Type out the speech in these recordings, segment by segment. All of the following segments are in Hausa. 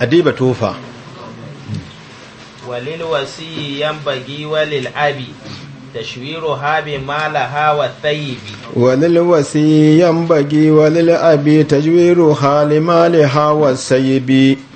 adiba tufa walil wasi walil abi tashwiru habi malaha wa tayyibi walil yan bagi walil abi tajwiru hali malaha wa tayyibi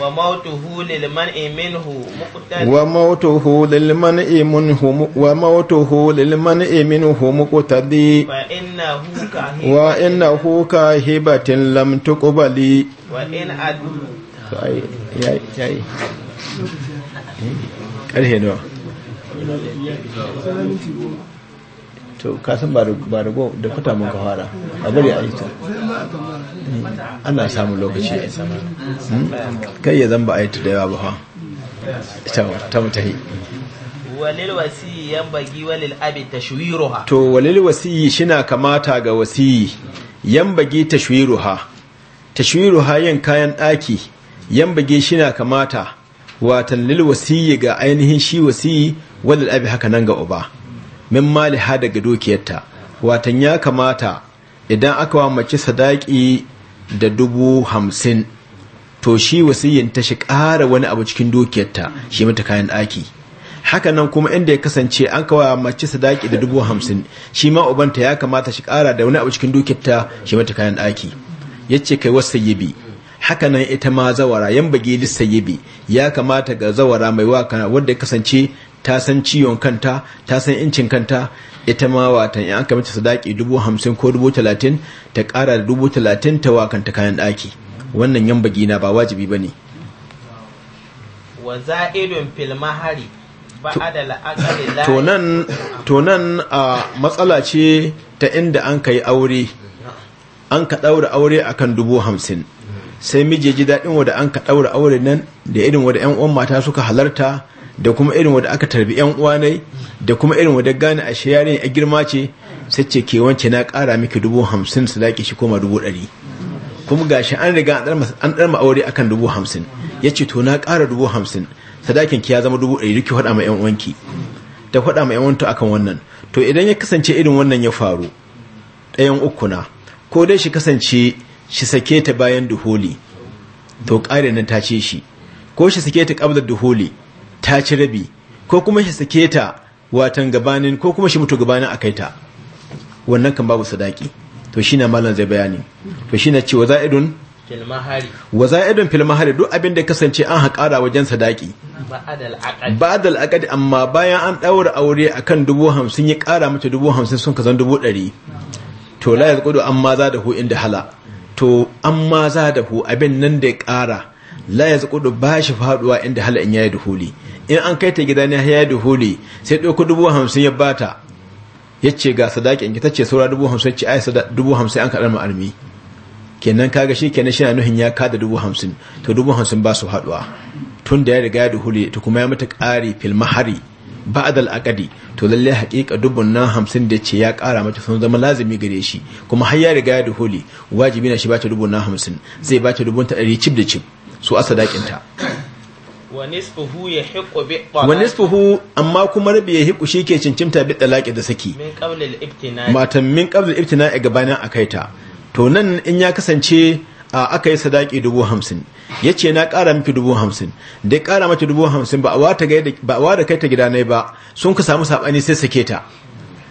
وموته للمنع منه مقتضى وموته للمنع منه وموته للمنع منه مقتضي فإنه كاهبة وإنه كاهبة لم تقبل وإن أدو أي أي أي أي to ka san ba da go da kwata mun ka fara a bari a yi ta hmm. ana samu lokaci a sama hmm. kai ya zan ba a yi ta da yawa ba fa ta mutane. walil wasiyi yan bagi walil abi tashwiruha to walil wasiyi shina kamata ga wasiyi yan bagi tashwiruha tashwiruha yin kayan daki yan bagi shina kamata watan lil wasiyi ga ainihin shi wasiyi walil abi haka nan ga uba min maliha daga dukiyarta watan ya kamata idan aka wa mace sadaki da dubu hamsin to shi wasiyin ta shi ƙara wani abu cikin dukiyarta shi mata kayan ɗaki hakanan kuma inda ya kasance an kawa mace sadaki da dubu hamsin shi ma ubanta ya kamata shi ƙara da wani abu cikin dukiyarta shi mata kayan ɗaki ya ce kai wasu bi hakanan ita ma zawara yan bagi bi ya kamata ga zawara mai waka wadda ya kasance ta san ciwon kanta ta san incin kanta ita ma watan in aka mace sadaki dubu hamsin ko dubu talatin ta ƙara da dubu talatin ta wakanta kayan ɗaki wannan yan bagi na ba wajibi ba ne tonan a matsala ce ta inda an ka yi aure an ka ɗaura aure a kan dubu hamsin sai mijiji daɗin wadda an ka ɗaura aure nan da irin wadda 'yan uwan mata suka halarta da kuma irin wadda aka tarbi yan uwanai da kuma irin wadda gane a shi yare a girma ce sai ce ke wance na kara miki dubu hamsin su laƙi shi koma dubu ɗari kuma gashi an riga an ɗarma aure akan dubu hamsin ya ce to na ƙara dubu hamsin sadakin ki ya zama dubu ɗari duki faɗa ma yan uwanki ta faɗa ma yan akan wannan to idan ya kasance irin wannan ya faru ɗayan ukuna ko dai shi kasance shi sake ta bayan duholi to ƙare nan ta ce shi ko shi sake ta ƙabdar duholi ta ci rabi ko kuma shi sake ta watan gabanin ko kuma shi mutu gabanin a kaita wannan kan babu sadaki to shi na malam zai bayani to shi na ce a idon fil mahari duk abin da kasance an haƙara wajen sadaki ba'adal aqadi amma bayan an ɗaura aure akan dubu hamsin ya ƙara mata dubu hamsin sun kazan dubu ɗari to la yazqudu amma za da hu inda hala to amma za da hu abin nan da ya ƙara la ya da ba shi faɗuwa inda hala in yayi duhuli in an kai ta gida ne ya yi duhuli sai ɗauko dubu hamsin ya bata ya ce ga sadakin ki ta ce saura dubu hamsin ci ai dubu hamsin an kaɗar ma'armi kenan kaga shi kenan shi na nuhin ya kada dubu hamsin to dubu hamsin ba su haɗuwa tun da ya riga ya duhuli ta kuma ya mata ƙari fil mahari ba'dal aqadi to lalle haƙiƙa dubun nan hamsin da ce ya ƙara mata sun zama lazimi gare shi kuma har ya riga ya duhuli wajibi na shi ba ta dubun nan hamsin zai ba ta dubun ta ɗari cib da cib su a sadakinta wa nisfuhu amma kuma rabi ya hiku shi ke cincimta bi talaqi da saki matan min qabl ibtina a kai akaita to nan in ya kasance a aka yi sadaki dubu hamsin ya ce na ƙara mafi dubu hamsin da ƙara mafi dubu hamsin ba a wa da kai ta gida ba sun ka samu saɓani sai sake ta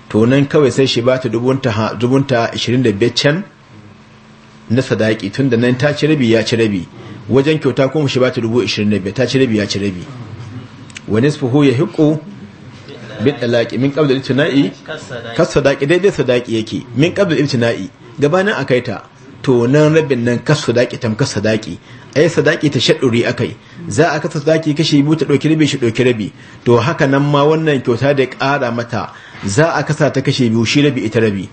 to nan kawai sai shi ba ta dubunta 25 can na sadaki tun da nan ta ci rabi ya ci rabi wajen kyauta mu shi ba ta dubu 25 ta ci rabi ya ci rabi wa nisfuhu ya hiƙo bin ɗalaƙi min al ibtina'i kas sadaki daidai sadaki yake min al ibtina'i gabanin a kai ta to nan rabin nan kas sadaki tam kas sadaki ai sadaki ta shaɗuri akai za a kasa sadaki kashe biyu ta doki rabi shi doki rabi to haka nan ma wannan kyauta da ƙara mata za a kasa ta kashe biyu shi rabi ita rabi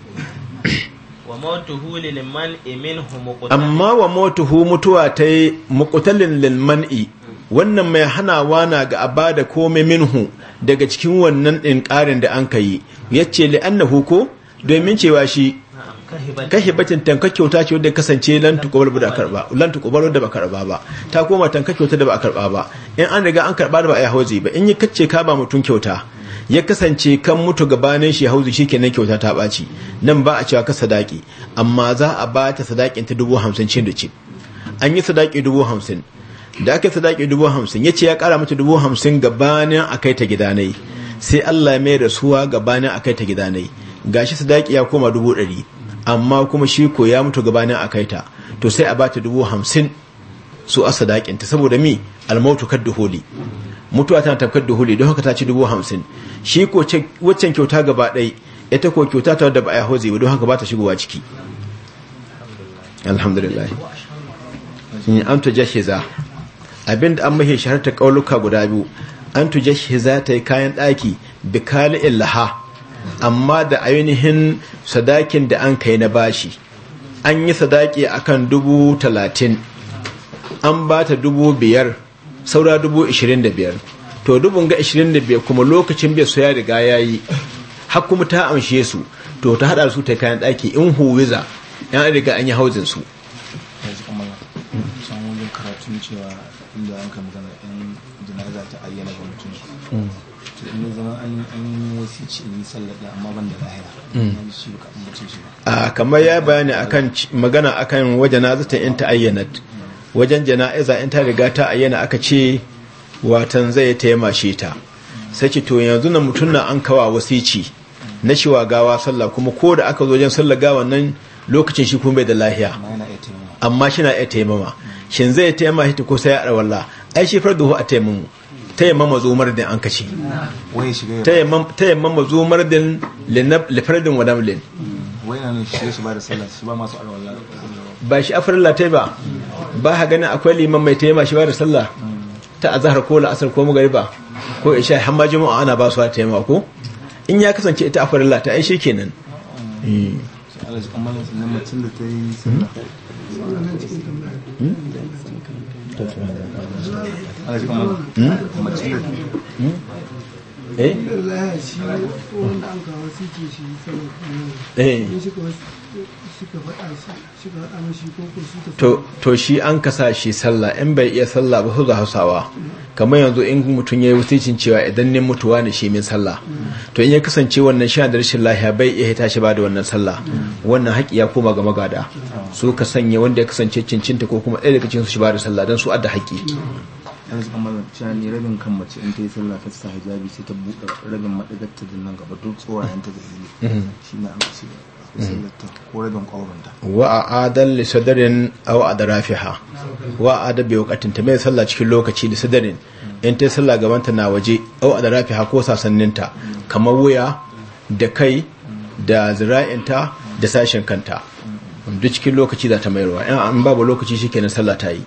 amma wa motuhu mutuwa ta yi mukutalin lilman'i wannan mai hanawa na ga aba da kome minhu daga cikin wannan ɗin ƙarin da an ka yi ya ce li'annahu ko domin cewa shi kahibatin tanka kyauta ce wadda kasance lan tukubar da ba karba ba ta koma tanka kyauta da ba a karba ba in an riga an karba da ba a yi ba in yi kacce ka ba mutum kyauta ya kasance kan mutu gabanin shi hauzu shi kenan kyauta ta ɓaci nan ba a cewa ka sadaki amma za a ba ta sadakin ta dubu hamsin cin da ci an yi sadaki dubu hamsin da aka sadaki dubu hamsin ya ce ya kara mata dubu hamsin gabanin a kai ta gidanai sai Allah mai rasuwa gabanin a kai ta gidanai gashi sadaki ya koma dubu ɗari amma kuma shi ko ya mutu gabanin a kai ta to sai a ba ta dubu hamsin su a sadakin ta saboda mi almautu kaddu holi mutuwa tana tafkar da huli don haka ta ci dubu hamsin shi ko waccan kyauta gaba ɗai ita ko kyauta ta wadda ba a yi hoze don haka ba ta shigowa ciki alhamdulillah an tuja shiza abinda an mahe shaharta kauluka guda biyu an tuja shiza ta yi kayan ɗaki bi kali illaha amma da ainihin sadakin da an kai na bashi an yi sadaki akan dubu talatin an ba ta dubu biyar saura dubu 25 da biyar to dubun ga 25 da biyar kuma lokacin bai ya riga ya yi har kuma ta amshe su to ta hada su ta kayan daki in huwiza yan riga an yi hauzin su kamar ya bayani akan magana akan wajen nazata in ta ayyana wajen jana'iza in ta riga ta ayyana aka ce watan zai shi ta sai ce to yanzu na mutum na an kawa wasici na wa gawa sallah kuma ko da aka zo wajen sallah gawa nan lokacin shi kuma bai da lahiya amma shi na iya taimama shin zai taimama shi ko sai ya arwalla ai shi farduhu a taimamu taimama zumar din an kace taimama zumar din lifardin wadamlin ba shi afirin latai ba ba ha ganin akwai liman mai taimaka shi ba da sallah ta azhar ko la'asar ko gariba ko isha har ma juma'a ana ba su a taimaka ko in ya kasance ita akwai lalla ta ai kenan hmm? eh an to shi an kasa shi sallah in bai iya sallah ba su da hausawa kamar yanzu in mutum ya yi wasicin cewa idan ne mutuwa ne shi min sallah to in ya kasance wannan sha da rashin lahiya bai iya tashi shi ba da wannan sallah wannan haƙi ya koma ga magada su ka sanya wanda ya kasance cincinta ko kuma ɗaya daga cikin su shi ba da sallah don su adda haƙi yanzu kamar cewa rabin kan mace in ta yi sallah ta sa hijabi sai ta buɗe rabin madagarta da nan gaba duk tsorayen ta da zini mm-hmm. shi ne aka ce ko rabin ƙwauranta wa a adal li sadarin aw adrafiha wa a da bai wakatin ta mai sallah cikin lokaci da sadarin mm. in ta yi sallah gabanta na waje aw adrafiha ko sassaninta kamar wuya da kai mm. da zira'inta da sashen kanta mm. duk cikin lokaci za ta mayarwa in babu lokaci shi kenan sallah ta yi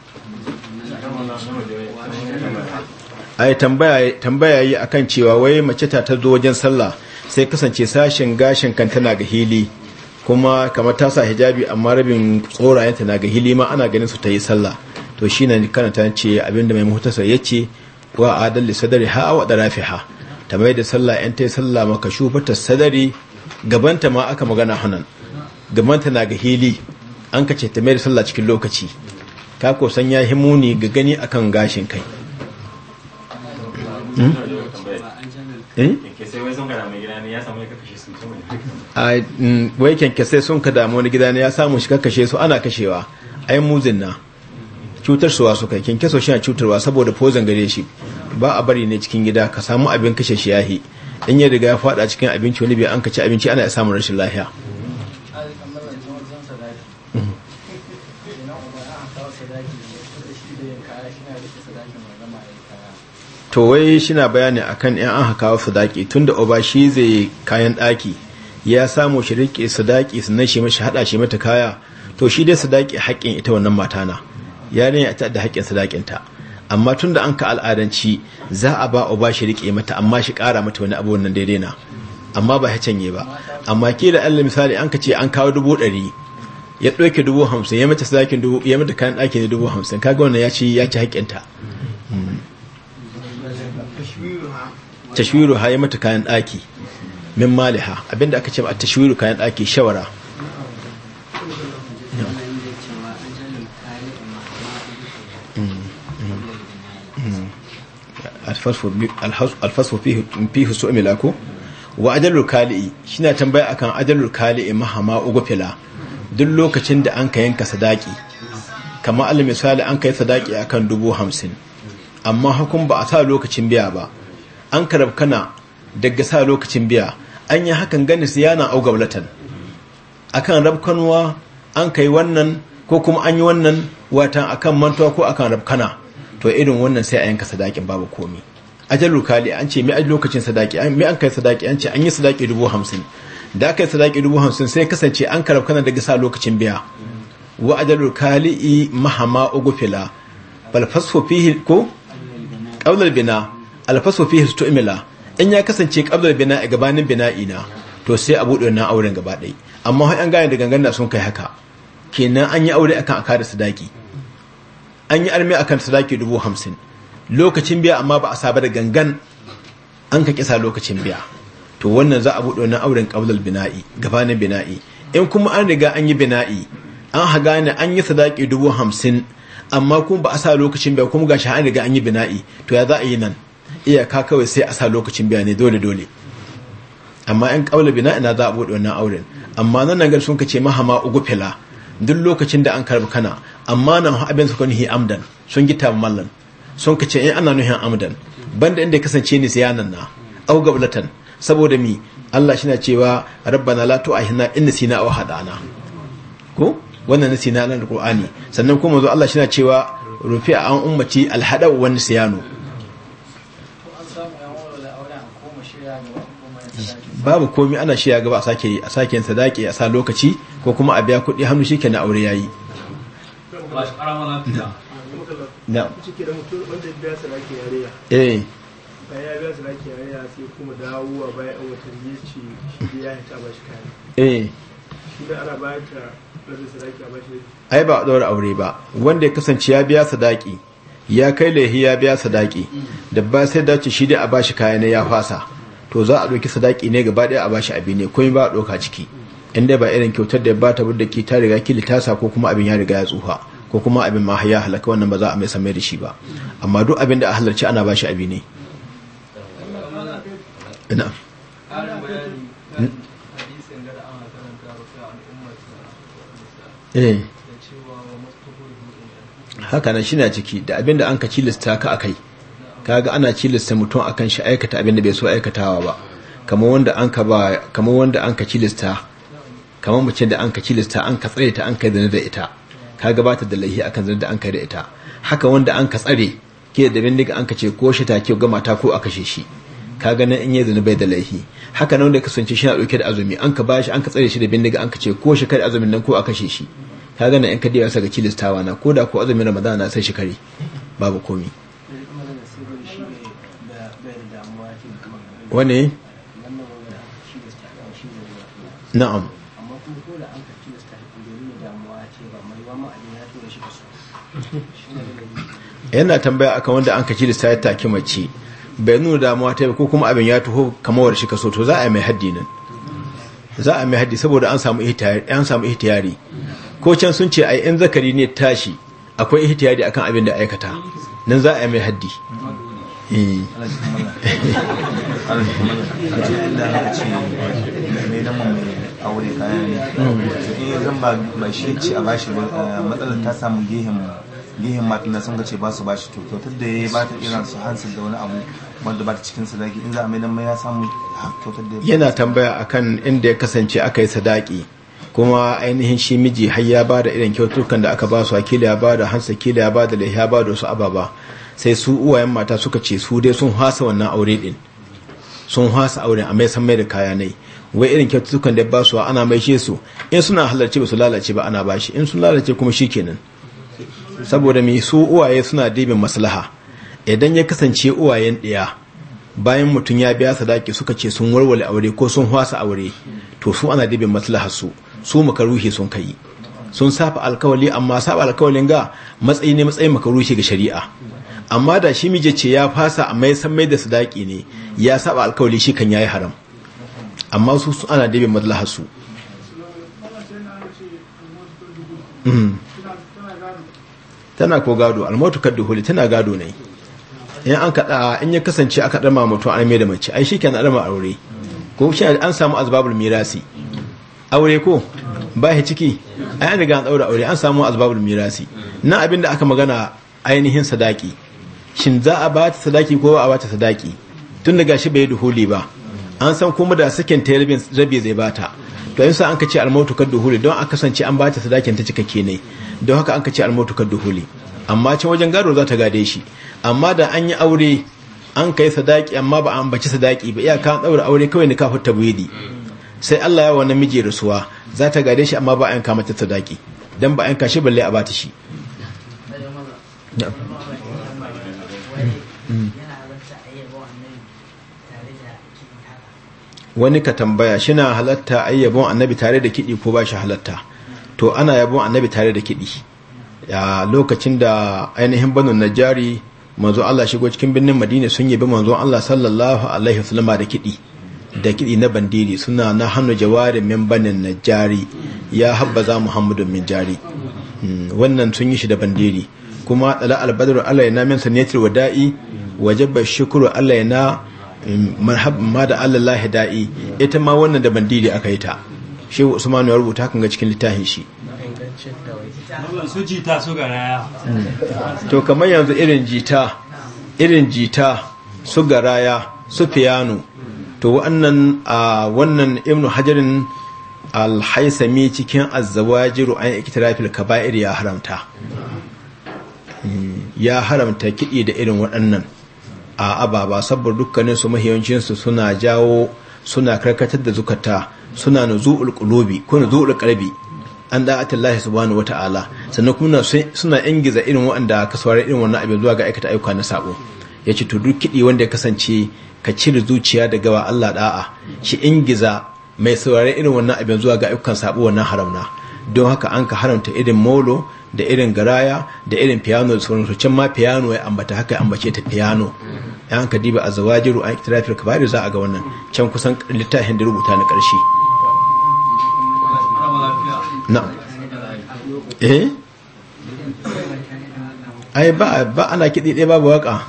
ai tambaya tambaya yi akan cewa wai mace ta zo wajen sallah sai kasance sashin gashin kan tana ga hili kuma kamar ta sa hijabi amma rabin tsorayenta na ga hili ma ana ganin su ta yi sallah to shi ne ta ce abinda mai muhtasa ya ce wa adalli sadari ha wa da ha ta mai da sallah yan ta yi sallah maka ta sadari gabanta ma aka magana hannun gabanta na ga hili an ka ce ta mai da sallah cikin lokaci ka ko san ya himuni ga gani akan gashin kai wai kyankyasai sun ka damu wani gida ne ya samu shi kakashe su mm, ana kashewa ai muzin na cutar suwa su kai kyankyaso shi na cutarwa saboda pozon gare shi ba a bari ne cikin gida ka samu abin kashe shi yahi in ya riga ya fada cikin abinci wani bai an kaci abinci ana ya samun rashin lahiya to wai shina bayani akan yan an haka su daki tunda oba shi zai kayan daki ya samu shi rike su daki su shi mashi hada shi mata kaya to shi dai su daki haƙƙin ita wannan mata na ne ya ta da haƙƙin su dakin ta amma da an ka al'adanci za a ba oba shi rike mata amma shi kara mata wani abu wannan daidai na amma ba ya canye ba amma kila allah misali an ka ce an kawo dubu ɗari ya ɗauke dubu hamsin ya mata kayan daki ne dubu hamsin kaga wannan ya ci ya ci tashwiru ha ya mata kayan ɗaki min maliha abinda aka ce a tashwiru kayan ɗaki shawara alfasfo fi husu shi wa ajalul kali'i shina tambaya akan ajalul kali'i mahama ugufila duk lokacin da an ka yanka sadaki kama alimisali an ka yi sadaki akan dubu hamsin amma hukun ba a sa lokacin biya ba an karabkana daga sa lokacin biya an yi hakan gani siyana au gablatan akan rabkanuwa an kai wannan ko kuma an yi wannan watan akan mantuwa ko akan rabkana to irin wannan sai a yanka sadakin babu komi ajalu lokali an ce mai lokacin sadaki mai an kai sadaki an ce an yi sadaki dubu hamsin da aka yi sadaki dubu hamsin sai kasance an karabkana daga sa lokacin biya wa ajalu kali'i mahama ugufila bal fasfo fihi ko ƙaunar bina alfasu fi histu'mila in ya kasance bina a gabanin bina'ina na to sai a buɗe wannan auren gaba ɗai amma har an gane da gangan sun kai haka kenan an yi aure akan akada da sadaki an yi armi akan sadaki dubu hamsin lokacin biya amma ba a saba da gangan an ka kisa lokacin biya to wannan za a buɗe wannan auren qablal bina'i gabanin bina'i in kuma an riga an yi bina'i an haga ne an yi sadaki dubu hamsin amma kuma ba a sa lokacin biya kuma gashi an riga an yi bina'i to ya za a yi nan iyaka kawai sai a sa lokacin biya ne dole dole amma yan kaula bina ina za a buɗe wannan auren amma nan nan sun kace mahama fila duk lokacin da an karbi kana amma nan abin suka nuhi amdan sun gita mallan sun ka ce in ana nuhin amdan banda inda kasance ni siyanan na au gablatan saboda mi Allah shi na cewa rabbana la tu'ahina inna sina aw hadana ko wannan nasi na alqur'ani sannan kuma zo Allah shi na cewa rufi an ummaci alhada wani siyano babu komi ana shi ya gaba a sake yi a sake sadaki a sa lokaci ko kuma a biya kuɗi hannu shi ke na aure yayi ya ba a ai ba a ɗaura aure ba wanda ya kasance ya biya sadaki ya kai laihi ya biya sadaki da ba sai dace shi dai a bashi kayan ya fasa to za a ɗauki sadaki ne gaba ɗaya a bashi abi ne komai ba a ɗauka ciki inda ba irin kyautar da ba ta da ki ta riga ki litasa ko kuma abin ya riga ya tsufa ko kuma abin ma haya halaka wannan ba za a mai samai da shi ba amma duk abin da a halarci ana bashi abi ne ina eh. haka na shi na ciki da abin da an ka lista ka a kai kaga ana cilista mutum akan shi aikata abin da bai so aikatawa ba kamar wanda an ka ba kamar wanda an ka cilasta kamar mace da an ka cilista an ka tsare ta an ka zina da ita kaga ba ta da laihi akan zina da an ka da ita haka wanda an ka tsare ke da bindiga an ka ce ko shi ta ke ga mata ko a kashe shi kaga nan in ya zina bai da laihi haka nan da sunce shi na dauke da azumi an ka bashi an ka tsare shi da bindiga an ka ce ko shi kai azumin nan ko a kashe shi kaga nan in ka diya ya saka cilistawa na koda ko azumin ramadana sai shi kare babu komi wane na'am yana tambaya akan wanda an kaci da sayar take mace bai nuna damuwa ta ko kuma abin ya tuho kamar shi kaso to za a yi mai haddi nan za a yi mai haddi saboda an samu ihtiyari ko can sun ce ai in zakari ne tashi akwai ihtiyari akan abin da aikata nan za a yi mai haddi aure kayan ne in zan ba shi ce a bashi matsalar ta samu gehen gehen matan na sun ce ba su bashi to kyautar da ya ba ta irin su hansu da wani abu wanda ba ta cikin sadaki in za a maidan mai ya samu kyautar da yana tambaya akan inda ya kasance aka yi sadaki kuma ainihin shi miji har ya ba da irin kyautukan da aka ba su a kila ya ba da hansa kila ya ba da lahiya ba da wasu ababa sai su uwayen mata suka ce su dai sun hasa wannan aure din sun hasa aure a mai san mai da kaya nai wai irin sukan da ba su ana maishe su in suna halarci ba su lalace ba ana bashi in sun lalace kuma shi kenan saboda mai su uwaye suna dibin maslaha idan ya kasance uwayen ɗaya bayan mutum ya biya sadaki suka ce sun warware aure ko sun hasa aure to su ana dibin maslaha su su makaruhi sun kai sun safa alkawali amma saba alkawalin ga matsayi ne matsayin makaruhi ga shari'a amma da shi mije ce ya fasa amma ya san mai da sadaki ne ya saba alkawali shi kan yayi haram amma su su ana dabe maslahar su mm. tana ko gado almautu kaddu huli tana gado ne in an kada in ya kasance aka dama mutum an mai da mace ai shikenan adama aure ko shi an samu azbabul mirasi aure ko ba shi ciki ai an riga an daura aure an samu azbabul mirasi na abinda aka magana ainihin sadaki shin za a bata sadaki ko ba a bata sadaki tun daga shi bai duhuli ba an san kuma da sakin ta rabi zai bata to sa an ka ce almautu kar duhuli don aka kasance an bata sadakin ta cikakke ne don haka an ka ce almautu kar duhuli amma can wajen gado za ta gade shi amma da an yi aure an kai sadaki amma ba an baci sadaki ba iyaka an daura aure kawai ni kafin tabwidi sai Allah ya wa miji rasuwa za ta gade shi amma ba an kama ta sadaki dan ba an kashi balle a bata shi wani ka tambaya shina halatta ai yabon annabi tare da kiɗi ko ba shi halatta to ana yabon annabi tare da kiɗi a lokacin da ainihin banu najari manzo Allah shigo cikin birnin Madina sun yabi manzo Allah sallallahu alaihi wasallam da kiɗi da kiɗi na bandiri suna na hannu jawari min banin najari ya habbaza muhammadun min jari hmm, wannan sun yi shi da bandiri kuma dala albadru Allah ya min sanatul wada'i wajaba shukru Allah ya na ma da Allah da'i ita ma wannan da bandili aka yi ta shi Usmanu ya rubuta kan ga cikin littafin shi mm. to kamar yanzu irin jita irin jita su garaya su fiyano to wannan a wannan ibnu hajarin alhaisami cikin azzawajiru an iktirafil kaba'ir ya haramta mm. ya haramta kiɗi da irin waɗannan a ababa sabbar dukkanin su mahiyancinsu suna jawo suna karkatar da zukata suna nuzu'ul qulubi ko nuzu'ul qalbi an da'atin Allah subhanahu wata'ala sannan kuma suna ingiza irin waɗanda ka saurari irin wannan abin zuwa ga aikata ayyuka na sabo ya ce to duk kiɗi wanda ya kasance ka cire zuciya da wa Allah da'a shi ingiza mai saurari irin wannan abin zuwa ga ayyukan sabo wannan haramna don haka an ka haramta irin molo da irin garaya da irin piano da sauransu can ma piano ya ambata haka ambace ta piano ya ka diba a zawajiru ikitirafi ikitirafil kabari za a ga wannan can kusan littafin da rubuta na karshe eh ai ba ba ana kiɗi ɗaya babu waka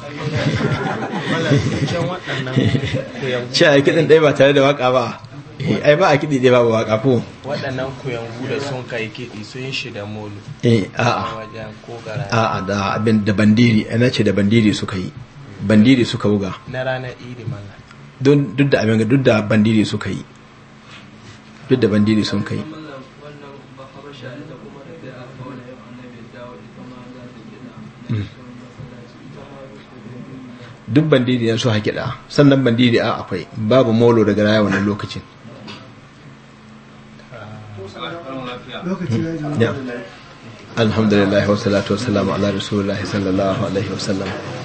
ce a kiɗin ɗaya ba tare da waka ba Eh, ai ba a kiɗi dai babu waka ko waɗannan yanzu da sun kai kiɗi sun shi da molo eh a'a a'a da abin da bandiri ana eh, ce da bandiri suka yi bandiri suka buga na ranar idi don duk da abin duk da bandiri suka yi duk da bandiri sun kai hmm. duk bandiri ya su haƙiɗa sannan bandiri a akwai babu molo daga raya wannan lokacin alhamdulillah wa salatu wa ala rasulullahi sallallahu alaihi wa sallam